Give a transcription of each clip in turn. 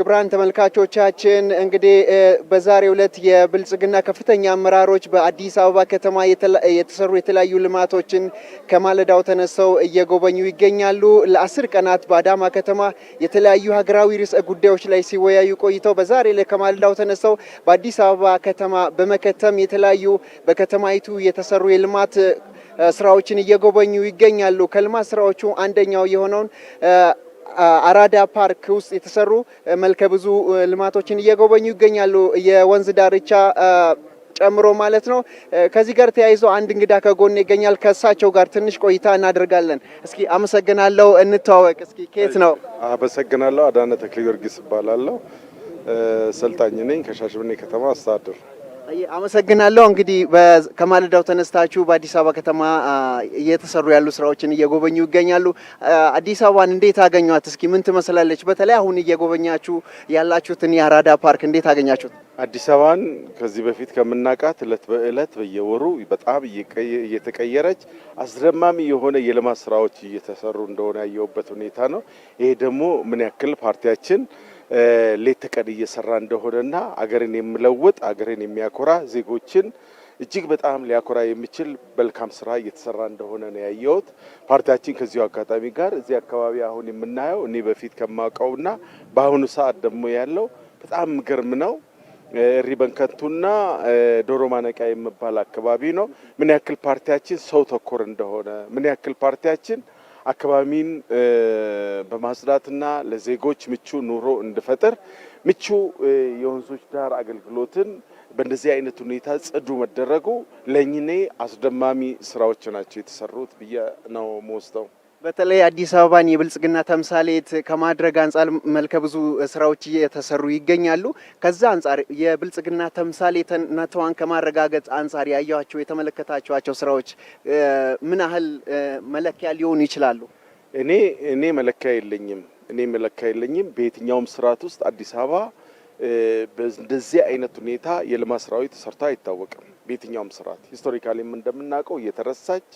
ክብራን ተመልካቾቻችን እንግዲህ በዛሬው ዕለት የብልጽግና ከፍተኛ አመራሮች በአዲስ አበባ ከተማ የተሰሩ የተለያዩ ልማቶችን ከማለዳው ተነስተው እየጎበኙ ይገኛሉ። ለአስር ቀናት በአዳማ ከተማ የተለያዩ ሀገራዊ ርዕሰ ጉዳዮች ላይ ሲወያዩ ቆይተው በዛሬ ላይ ከማለዳው ተነስተው በአዲስ አበባ ከተማ በመከተም የተለያዩ በከተማይቱ የተሰሩ የልማት ስራዎችን እየጎበኙ ይገኛሉ። ከልማት ስራዎቹ አንደኛው የሆነውን አራዳ ፓርክ ውስጥ የተሰሩ መልከ ብዙ ልማቶችን እየጎበኙ ይገኛሉ። የወንዝ ዳርቻ ጨምሮ ማለት ነው። ከዚህ ጋር ተያይዞ አንድ እንግዳ ከጎን ይገኛል። ከእሳቸው ጋር ትንሽ ቆይታ እናደርጋለን። እስኪ አመሰግናለሁ። እንተዋወቅ እስኪ። ከየት ነው? አመሰግናለሁ። አዳነ ተክለ ጊዮርጊስ እባላለሁ። ሰልጣኝ ነኝ። ከሻሸመኔ ከተማ አስተዳደር አመሰግናለሁ። እንግዲህ ከማለዳው ተነስታችሁ በአዲስ አበባ ከተማ እየተሰሩ ያሉ ስራዎችን እየጎበኙ ይገኛሉ። አዲስ አበባን እንዴት አገኟት? እስኪ ምን ትመስላለች? በተለይ አሁን እየጎበኛችሁ ያላችሁትን የአራዳ ፓርክ እንዴት አገኛችሁት? አዲስ አበባን ከዚህ በፊት ከምናውቃት እለት በእለት በየወሩ በጣም እየተቀየረች አስደማሚ የሆነ የልማት ስራዎች እየተሰሩ እንደሆነ ያየሁበት ሁኔታ ነው። ይሄ ደግሞ ምን ያክል ፓርቲያችን ሌት ተቀን እየሰራ እንደሆነና አገርን የሚለውጥ አገርን የሚያኮራ ዜጎችን እጅግ በጣም ሊያኮራ የሚችል መልካም ስራ እየተሰራ እንደሆነ ነው ያየሁት። ፓርቲያችን ከዚሁ አጋጣሚ ጋር እዚህ አካባቢ አሁን የምናየው እኔ በፊት ከማውቀውና በአሁኑ ሰዓት ደግሞ ያለው በጣም ግርም ነው። እሪ በንከንቱና ዶሮ ማነቂያ የሚባል አካባቢ ነው። ምን ያክል ፓርቲያችን ሰው ተኮር እንደሆነ ምን ያክል ፓርቲያችን አካባቢን በማጽዳትና ለዜጎች ምቹ ኑሮ እንዲፈጠር ምቹ የወንዞች ዳር አገልግሎትን በእንደዚህ አይነት ሁኔታ ጽዱ መደረጉ ለእኝኔ አስደማሚ ስራዎች ናቸው የተሰሩት ብዬ ነው መወስተው። በተለይ አዲስ አበባን የብልጽግና ተምሳሌት ከማድረግ አንጻር መልከ ብዙ ስራዎች እየተሰሩ ይገኛሉ። ከዛ አንጻር የብልጽግና ተምሳሌትነቷን ከማረጋገጥ አንጻር ያየኋቸው የተመለከታቸዋቸው ስራዎች ምን ያህል መለኪያ ሊሆኑ ይችላሉ? እኔ እኔ መለኪያ የለኝም እኔ መለኪያ የለኝም። በየትኛውም ስርዓት ውስጥ አዲስ አበባ በእንደዚህ አይነት ሁኔታ የልማት ስራዊ ተሰርቶ አይታወቅም። በየትኛውም ስርዓት ሂስቶሪካሊም እንደምናውቀው እየተረሳች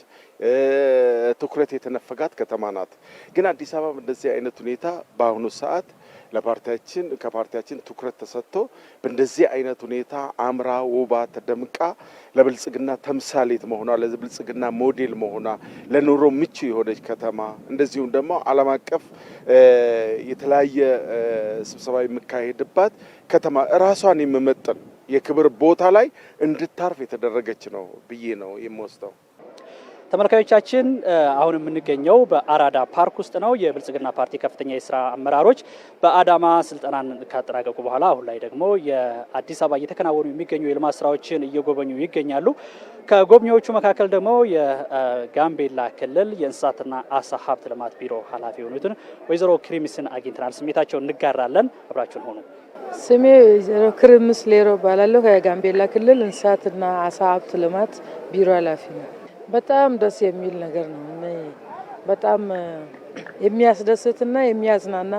ትኩረት የተነፈጋት ከተማ ናት። ግን አዲስ አበባ እንደዚህ አይነት ሁኔታ በአሁኑ ሰዓት ለፓርቲያችን ከፓርቲያችን ትኩረት ተሰጥቶ በእንደዚህ አይነት ሁኔታ አምራ ውባ ተደምቃ ለብልጽግና ተምሳሌት መሆኗ ለብልጽግና ሞዴል መሆኗ ለኑሮ ምቹ የሆነች ከተማ እንደዚሁም ደግሞ ዓለም አቀፍ የተለያየ ስብሰባ የሚካሄድባት ከተማ እራሷን የምመጥን የክብር ቦታ ላይ እንድታርፍ የተደረገች ነው ብዬ ነው የምወስደው። ተመልካዮቻችን አሁን የምንገኘው በአራዳ ፓርክ ውስጥ ነው። የብልጽግና ፓርቲ ከፍተኛ የስራ አመራሮች በአዳማ ስልጠናን ካጠናቀቁ በኋላ አሁን ላይ ደግሞ የአዲስ አበባ እየተከናወኑ የሚገኙ የልማት ስራዎችን እየጎበኙ ይገኛሉ። ከጎብኚዎቹ መካከል ደግሞ የጋምቤላ ክልል የእንስሳትና አሳ ሀብት ልማት ቢሮ ኃላፊ የሆኑትን ወይዘሮ ክሪሚስን አግኝተናል። ስሜታቸውን እንጋራለን። አብራችን ሆኑ። ስሜ ወይዘሮ ክርምስ ሌሮ እባላለሁ። ከጋምቤላ ክልል እንስሳትና አሳ ሀብት ልማት ቢሮ ኃላፊ ነው። በጣም ደስ የሚል ነገር ነው። በጣም የሚያስደስትና የሚያዝናና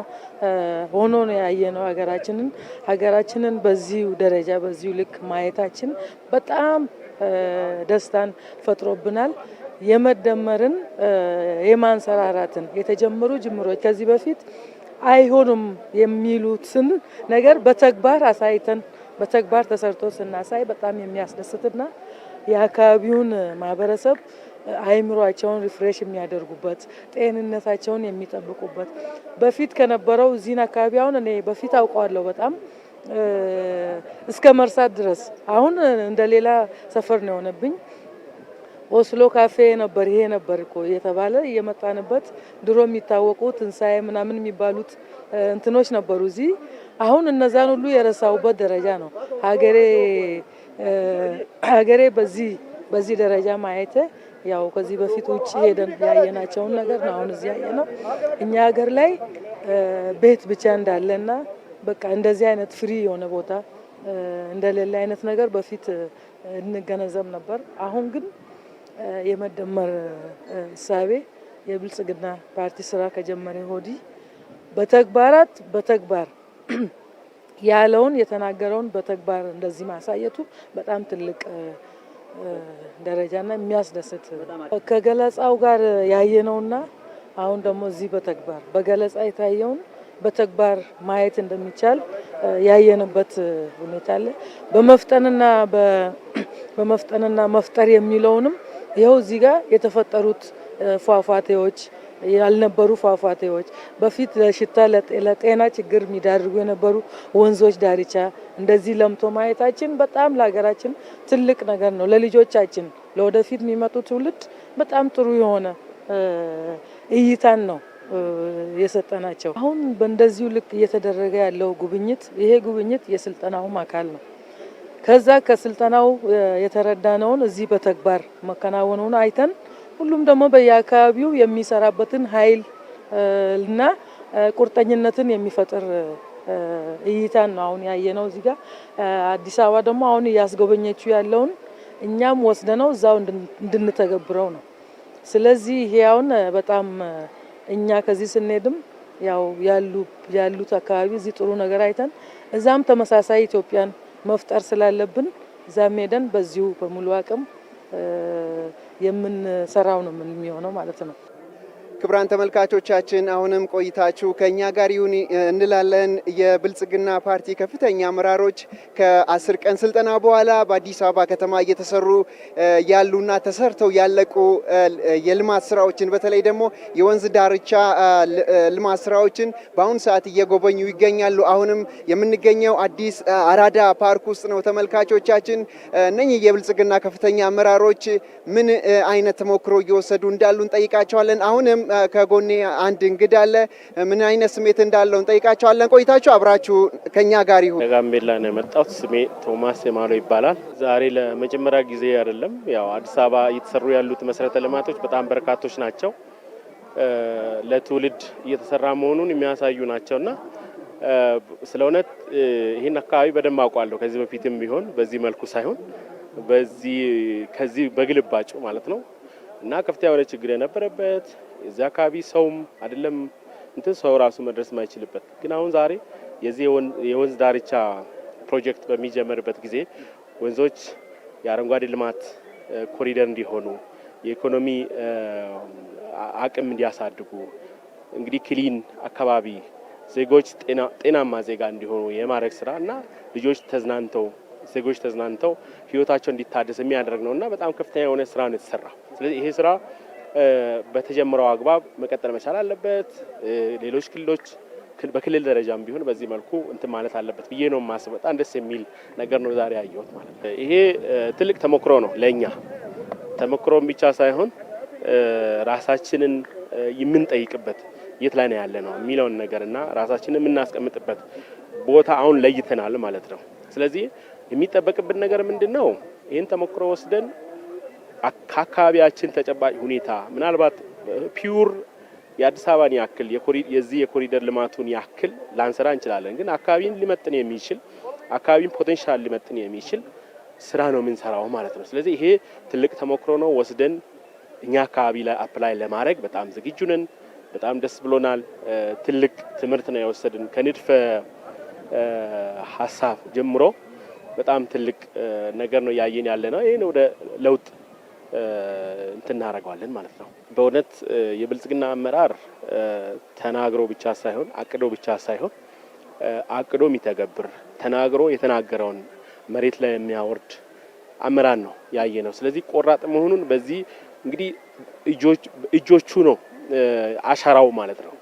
ሆኖ ነው ያየነው። ሀገራችንን ሀገራችንን በዚሁ ደረጃ በዚሁ ልክ ማየታችን በጣም ደስታን ፈጥሮብናል። የመደመርን የማንሰራራትን የተጀመሩ ጅምሮች ከዚህ በፊት አይሆንም የሚሉትን ነገር በተግባር አሳይተን በተግባር ተሰርቶ ስናሳይ በጣም የሚያስደስትና የአካባቢውን ማህበረሰብ አይምሯቸውን ሪፍሬሽ የሚያደርጉበት ጤንነታቸውን የሚጠብቁበት በፊት ከነበረው እዚህን አካባቢ አሁን እኔ በፊት አውቀዋለሁ በጣም እስከ መርሳት ድረስ አሁን እንደሌላ ሰፈር ነው የሆነብኝ። ኦስሎ ካፌ ነበር ይሄ ነበር እኮ እየተባለ እየመጣንበት ድሮ የሚታወቁ ትንሳኤ ምናምን የሚባሉት እንትኖች ነበሩ እዚህ። አሁን እነዛን ሁሉ የረሳውበት ደረጃ ነው። ሀገሬ ሀገሬ በዚህ በዚህ ደረጃ ማየት ያው ከዚህ በፊት ውጭ ሄደን ያየናቸውን ነገር ነው አሁን እዚህ ያየ ነው። እኛ ሀገር ላይ ቤት ብቻ እንዳለና በቃ እንደዚህ አይነት ፍሪ የሆነ ቦታ እንደሌለ አይነት ነገር በፊት እንገነዘብ ነበር። አሁን ግን የመደመር እሳቤ የብልጽግና ፓርቲ ስራ ከጀመረ ወዲህ በተግባራት በተግባር ያለውን የተናገረውን በተግባር እንደዚህ ማሳየቱ በጣም ትልቅ ደረጃና የሚያስደስት ከገለጻው ጋር ያየነውና አሁን ደግሞ እዚህ በተግባር በገለጻ የታየውን በተግባር ማየት እንደሚቻል ያየንበት ሁኔታ አለ። በመፍጠንና በመፍጠንና መፍጠር የሚለውንም ይኸው እዚህ ጋር የተፈጠሩት ፏፏቴዎች ያልነበሩ ፏፏቴዎች በፊት ለሽታ ለጤና ችግር የሚዳርጉ የነበሩ ወንዞች ዳርቻ እንደዚህ ለምቶ ማየታችን በጣም ለሀገራችን ትልቅ ነገር ነው። ለልጆቻችን ለወደፊት የሚመጡ ትውልድ በጣም ጥሩ የሆነ እይታን ነው የሰጠናቸው። አሁን በእንደዚሁ ልክ እየተደረገ ያለው ጉብኝት ይሄ ጉብኝት የስልጠናውም አካል ነው። ከዛ ከስልጠናው የተረዳነውን እዚህ በተግባር መከናወኑን አይተን ሁሉም ደግሞ በየአካባቢው የሚሰራበትን ኃይል እና ቁርጠኝነትን የሚፈጥር እይታን ነው አሁን ያየነው። እዚህ ጋር አዲስ አበባ ደግሞ አሁን እያስጎበኘችው ያለውን እኛም ወስደነው እዛው እንድንተገብረው ነው። ስለዚህ ይሄ አሁን በጣም እኛ ከዚህ ስንሄድም ያው ያሉት አካባቢ እዚህ ጥሩ ነገር አይተን እዛም ተመሳሳይ ኢትዮጵያን መፍጠር ስላለብን እዛም ሄደን በዚሁ በሙሉ አቅም የምንሰራው ነው የሚሆነው ማለት ነው። ክቡራን ተመልካቾቻችን አሁንም ቆይታችሁ ከኛ ጋር ይሁን እንላለን። የብልጽግና ፓርቲ ከፍተኛ አመራሮች ከአስር ቀን ስልጠና በኋላ በአዲስ አበባ ከተማ እየተሰሩ ያሉና ተሰርተው ያለቁ የልማት ስራዎችን በተለይ ደግሞ የወንዝ ዳርቻ ልማት ስራዎችን በአሁኑ ሰዓት እየጎበኙ ይገኛሉ። አሁንም የምንገኘው አዲስ አራዳ ፓርክ ውስጥ ነው። ተመልካቾቻችን እነኚህ የብልጽግና ከፍተኛ አመራሮች ምን አይነት ተሞክሮ እየወሰዱ እንዳሉ እንጠይቃቸዋለን። አሁንም ከጎኔ አንድ እንግዳ አለ። ምን አይነት ስሜት እንዳለው እንጠይቃቸዋለን። ቆይታችሁ አብራችሁ ከኛ ጋር ይሁን። ጋምቤላ ነው የመጣሁት። ስሜ ቶማስ የማሎ ይባላል። ዛሬ ለመጀመሪያ ጊዜ አይደለም። ያው አዲስ አበባ እየተሰሩ ያሉት መሰረተ ልማቶች በጣም በርካቶች ናቸው። ለትውልድ እየተሰራ መሆኑን የሚያሳዩ ናቸውና ስለ እውነት ይህን አካባቢ በደንብ አውቋለሁ። ከዚህ በፊትም ቢሆን በዚህ መልኩ ሳይሆን በዚህ ከዚህ በግልባጩ ማለት ነው እና ከፍተኛ የሆነ ችግር የነበረበት እዚያ አካባቢ ሰውም አይደለም እንትን ሰው ራሱ መድረስ የማይችልበት ግን አሁን ዛሬ የዚህ የወንዝ ዳርቻ ፕሮጀክት በሚጀመርበት ጊዜ ወንዞች የአረንጓዴ ልማት ኮሪደር እንዲሆኑ የኢኮኖሚ አቅም እንዲያሳድጉ እንግዲህ ክሊን አካባቢ ዜጎች ጤናማ ዜጋ እንዲሆኑ የማድረግ ስራ እና ልጆች ተዝናንተው ዜጎች ተዝናንተው ህይወታቸው እንዲታደስ የሚያደርግ ነው እና በጣም ከፍተኛ የሆነ ስራ ነው የተሰራ። ስለዚህ ይሄ ስራ በተጀመረው አግባብ መቀጠል መቻል አለበት። ሌሎች ክልሎች በክልል ደረጃም ቢሆን በዚህ መልኩ እንትን ማለት አለበት ብዬ ነው የማስበው። በጣም ደስ የሚል ነገር ነው ዛሬ ያየሁት ማለት ነው። ይሄ ትልቅ ተሞክሮ ነው ለእኛ ተሞክሮም ብቻ ሳይሆን ራሳችንን የምንጠይቅበት የት ላይ ነው ያለ ነው የሚለውን ነገር እና ራሳችንን የምናስቀምጥበት ቦታ አሁን ለይተናል ማለት ነው። ስለዚህ የሚጠበቅብን ነገር ምንድን ነው? ይህን ተሞክሮ ወስደን ከአካባቢያችን ተጨባጭ ሁኔታ ምናልባት ፒውር የአዲስ አበባን ያክል የዚህ የኮሪደር ልማቱን ያክል ላንሰራ እንችላለን፣ ግን አካባቢን ሊመጥን የሚችል አካባቢን ፖቴንሻል ሊመጥን የሚችል ስራ ነው የምንሰራው ማለት ነው። ስለዚህ ይሄ ትልቅ ተሞክሮ ነው ወስደን እኛ አካባቢ ላይ አፕላይ ለማድረግ በጣም ዝግጁ ነን። በጣም ደስ ብሎናል። ትልቅ ትምህርት ነው የወሰድን ከንድፈ ሀሳብ ጀምሮ በጣም ትልቅ ነገር ነው ያየን ያለ ነው። ይህን ወደ ለውጥ እንትን እናደርገዋለን ማለት ነው። በእውነት የብልጽግና አመራር ተናግሮ ብቻ ሳይሆን አቅዶ ብቻ ሳይሆን አቅዶ የሚተገብር ተናግሮ የተናገረውን መሬት ላይ የሚያወርድ አመራር ነው ያየ ነው። ስለዚህ ቆራጥ መሆኑን በዚህ እንግዲህ እጆቹ ነው አሻራው ማለት ነው።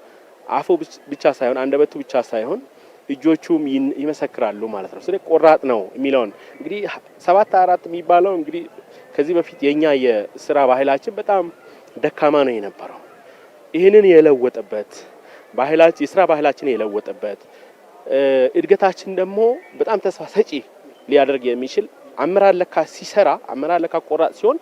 አፉ ብቻ ሳይሆን አንደበቱ ብቻ ሳይሆን እጆቹም ይመሰክራሉ ማለት ነው። ስለዚህ ቆራጥ ነው የሚለውን እንግዲህ ሰባት አራት የሚባለው እንግዲህ ከዚህ በፊት የኛ የስራ ባህላችን በጣም ደካማ ነው የነበረው። ይህንን የለወጠበት ባህላችን የስራ ባህላችን የለወጠበት እድገታችን ደግሞ በጣም ተስፋ ሰጪ ሊያደርግ የሚችል አመራር ለካ ሲሰራ አመራር ለካ ቆራጥ ሲሆን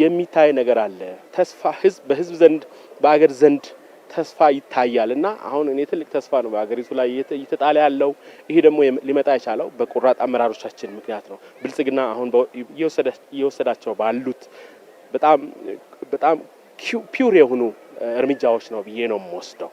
የሚታይ ነገር አለ። ተስፋ ህዝብ በህዝብ ዘንድ በአገር ዘንድ ተስፋ ይታያል እና አሁን እኔ ትልቅ ተስፋ ነው በሀገሪቱ ላይ እየተጣለ ያለው። ይሄ ደግሞ ሊመጣ የቻለው በቆራጥ አመራሮቻችን ምክንያት ነው። ብልጽግና አሁን እየወሰዳቸው ባሉት በጣም በጣም ፒውር የሆኑ እርምጃዎች ነው ብዬ ነው የምወስደው።